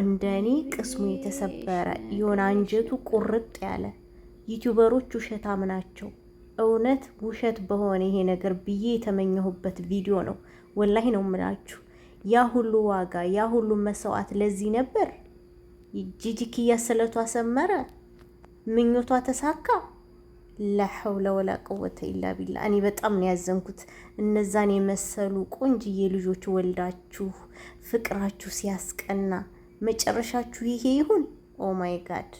እንደ እኔ ቅስሙ የተሰበረ የሆነ አንጀቱ ቁርጥ ያለ ዩቲዩበሮች ውሸታም ናቸው። እውነት ውሸት በሆነ ይሄ ነገር ብዬ የተመኘሁበት ቪዲዮ ነው። ወላሂ ነው ምላችሁ ያ ሁሉ ዋጋ ያ ሁሉ መስዋዕት ለዚህ ነበር። ጂጂክያ ስለቷ ሰመረ፣ ምኞቷ ተሳካ። ላሐውለ ወላ ቁወተ ኢላ ቢላ። እኔ በጣም ነው ያዘንኩት። እነዛን የመሰሉ ቆንጅዬ ልጆች ወልዳችሁ ፍቅራችሁ ሲያስቀና መጨረሻችሁ ይሄ ይሁን። ኦ ማይ ጋድ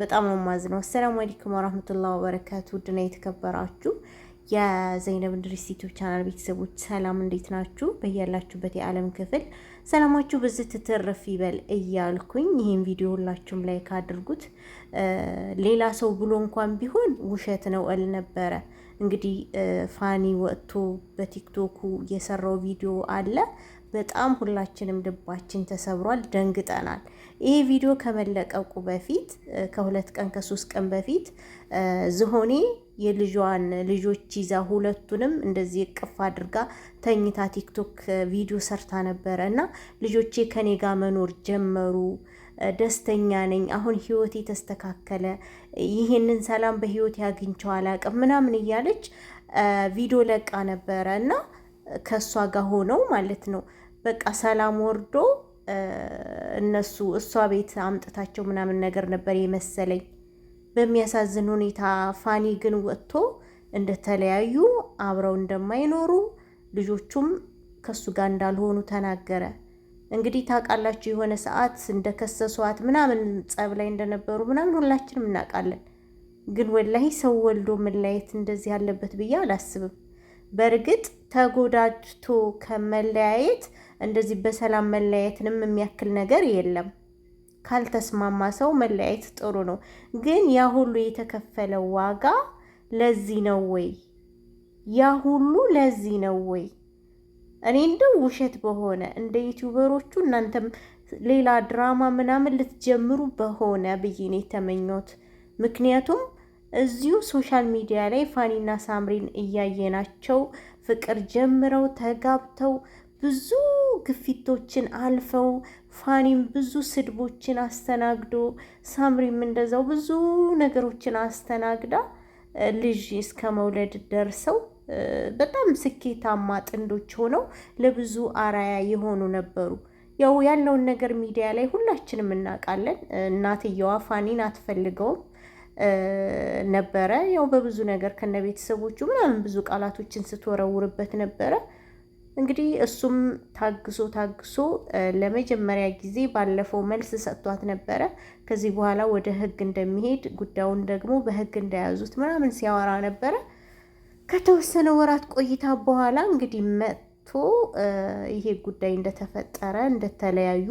በጣም ነው የማዝነው። አሰላሙ አለይኩም ወራህመቱላሂ ወበረካቱ። ውድና የተከበራችሁ የዘይነብ እንድሪስ ዩቲዩብ ቻናል ቤተሰቦች ሰላም፣ እንዴት ናችሁ? በያላችሁበት የዓለም ክፍል ሰላማችሁ ብዙ ትትርፍ ይበል እያልኩኝ ይህን ቪዲዮ ሁላችሁም ላይክ አድርጉት። ሌላ ሰው ብሎ እንኳን ቢሆን ውሸት ነው እል ነበረ እንግዲህ ፋኒ ወጥቶ በቲክቶኩ የሰራው ቪዲዮ አለ። በጣም ሁላችንም ልባችን ተሰብሯል፣ ደንግጠናል። ይሄ ቪዲዮ ከመለቀቁ በፊት ከሁለት ቀን ከሶስት ቀን በፊት ዝሆኔ የልጇን ልጆች ይዛ ሁለቱንም እንደዚህ እቅፍ አድርጋ ተኝታ ቲክቶክ ቪዲዮ ሰርታ ነበረ እና ልጆቼ ከኔ ጋር መኖር ጀመሩ ደስተኛ ነኝ፣ አሁን ህይወቴ ተስተካከለ፣ ይሄንን ሰላም በህይወቴ አግኝቼው አላቅም ምናምን እያለች ቪዲዮ ለቃ ነበረ እና ከእሷ ጋር ሆነው ማለት ነው በቃ ሰላም ወርዶ እነሱ እሷ ቤት አምጥታቸው ምናምን ነገር ነበር የመሰለኝ። በሚያሳዝን ሁኔታ ፋኒ ግን ወጥቶ እንደተለያዩ አብረው እንደማይኖሩ ልጆቹም ከእሱ ጋር እንዳልሆኑ ተናገረ። እንግዲህ ታውቃላችሁ የሆነ ሰዓት እንደከሰሷት ምናምን ጸብ ላይ እንደነበሩ ምናምን ሁላችንም እናውቃለን። ግን ወላሂ ሰው ወልዶ መለያየት እንደዚህ ያለበት ብዬ አላስብም። በእርግጥ ተጎዳጅቶ ከመለያየት እንደዚህ በሰላም መለያየትንም የሚያክል ነገር የለም። ካልተስማማ ሰው መለያየት ጥሩ ነው። ግን ያ ሁሉ የተከፈለው ዋጋ ለዚህ ነው ወይ? ያ ሁሉ ለዚህ ነው ወይ? እኔ እንደው ውሸት በሆነ እንደ ዩቲዩበሮቹ እናንተም ሌላ ድራማ ምናምን ልትጀምሩ በሆነ ብዬ ነው የተመኘሁት። ምክንያቱም እዚሁ ሶሻል ሚዲያ ላይ ፋኒና ሳምሪን እያየናቸው ፍቅር ጀምረው ተጋብተው ብዙ ግፊቶችን አልፈው ፋኒም ብዙ ስድቦችን አስተናግዶ ሳምሪም እንደዛው ብዙ ነገሮችን አስተናግዳ ልጅ እስከ መውለድ ደርሰው በጣም ስኬታማ ጥንዶች ሆነው ለብዙ አራያ የሆኑ ነበሩ። ያው ያለውን ነገር ሚዲያ ላይ ሁላችንም እናውቃለን። እናትየዋ ፋኒን አትፈልገውም ነበረ። ያው በብዙ ነገር ከነ ቤተሰቦቹ ምናምን ብዙ ቃላቶችን ስትወረውርበት ነበረ። እንግዲህ እሱም ታግሶ ታግሶ ለመጀመሪያ ጊዜ ባለፈው መልስ ሰጥቷት ነበረ። ከዚህ በኋላ ወደ ሕግ እንደሚሄድ ጉዳዩን ደግሞ በሕግ እንደያዙት ምናምን ሲያወራ ነበረ። ከተወሰነ ወራት ቆይታ በኋላ እንግዲህ መጥቶ ይሄ ጉዳይ እንደተፈጠረ እንደተለያዩ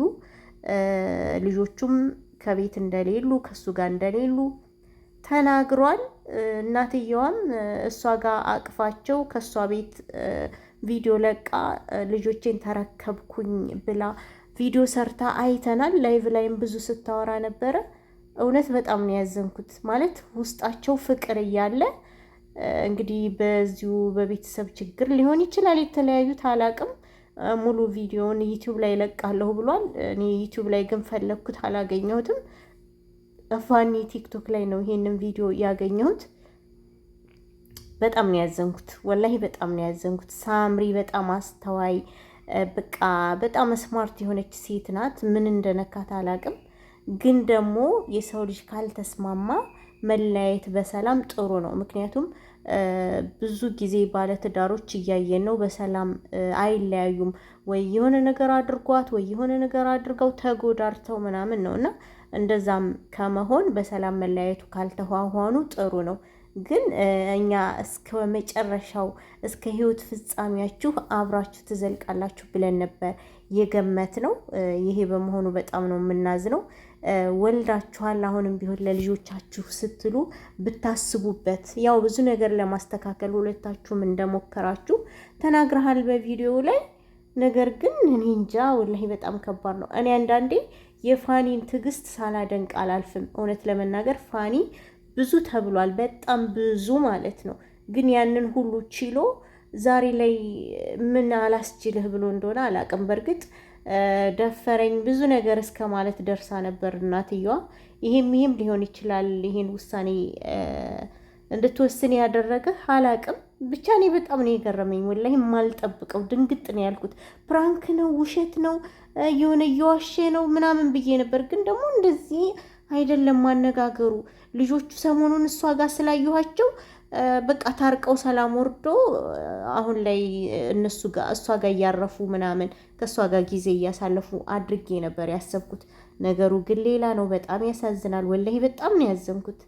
ልጆቹም ከቤት እንደሌሉ ከእሱ ጋር እንደሌሉ ተናግሯል። እናትየዋም እሷ ጋር አቅፋቸው ከእሷ ቤት ቪዲዮ ለቃ ልጆቼን ተረከብኩኝ ብላ ቪዲዮ ሰርታ አይተናል። ላይቭ ላይም ብዙ ስታወራ ነበረ። እውነት በጣም ነው ያዘንኩት። ማለት ውስጣቸው ፍቅር እያለ እንግዲህ በዚሁ በቤተሰብ ችግር ሊሆን ይችላል የተለያዩት፣ አላቅም። ሙሉ ቪዲዮውን ዩቲዩብ ላይ ለቃለሁ ብሏል። እኔ ዩቲዩብ ላይ ግን ፈለግኩት አላገኘሁትም። ፋኒ ቲክቶክ ላይ ነው ይሄንን ቪዲዮ ያገኘሁት። በጣም ነው ያዘንኩት፣ ወላሂ በጣም ነው ያዘንኩት። ሳምሪ በጣም አስተዋይ በቃ በጣም ስማርት የሆነች ሴት ናት። ምን እንደነካት አላቅም። ግን ደግሞ የሰው ልጅ ካልተስማማ መለያየት በሰላም ጥሩ ነው። ምክንያቱም ብዙ ጊዜ ባለትዳሮች እያየን ነው። በሰላም አይለያዩም። ወይ የሆነ ነገር አድርጓት ወይ የሆነ ነገር አድርገው ተጎዳርተው ምናምን ነው እና እንደዛም ከመሆን በሰላም መለያየቱ ካልተኋኋኑ ጥሩ ነው። ግን እኛ እስከ መጨረሻው እስከ ህይወት ፍጻሜያችሁ አብራችሁ ትዘልቃላችሁ ብለን ነበር የገመት ነው። ይሄ በመሆኑ በጣም ነው የምናዝነው። ወልዳችኋል፣ አሁንም ቢሆን ለልጆቻችሁ ስትሉ ብታስቡበት። ያው ብዙ ነገር ለማስተካከል ሁለታችሁም እንደሞከራችሁ ተናግረሃል በቪዲዮ ላይ። ነገር ግን እኔ እንጃ ወላሂ በጣም ከባድ ነው። እኔ አንዳንዴ የፋኒን ትዕግስት ሳላደንቅ አላልፍም። እውነት ለመናገር ፋኒ ብዙ ተብሏል፣ በጣም ብዙ ማለት ነው። ግን ያንን ሁሉ ችሎ ዛሬ ላይ ምን አላስችልህ ብሎ እንደሆነ አላቅም በእርግጥ ደፈረኝ ብዙ ነገር እስከ ማለት ደርሳ ነበር እናትየዋ። ይህም ይህም ሊሆን ይችላል ይህን ውሳኔ እንድትወስን ያደረገ አላቅም። ብቻ እኔ በጣም ነው የገረመኝ፣ ወላሂ የማልጠብቀው ድንግጥ ነው ያልኩት። ፕራንክ ነው ውሸት ነው የሆነ እየዋሸ ነው ምናምን ብዬ ነበር፣ ግን ደግሞ እንደዚህ አይደለም ማነጋገሩ። ልጆቹ ሰሞኑን እሷ ጋር ስላየኋቸው በቃ ታርቀው ሰላም ወርዶ አሁን ላይ እነሱ ጋር እሷ ጋር እያረፉ ምናምን ከእሷ ጋር ጊዜ እያሳለፉ አድርጌ ነበር ያሰብኩት። ነገሩ ግን ሌላ ነው። በጣም ያሳዝናል። ወላሂ በጣም ነው ያዘንኩት።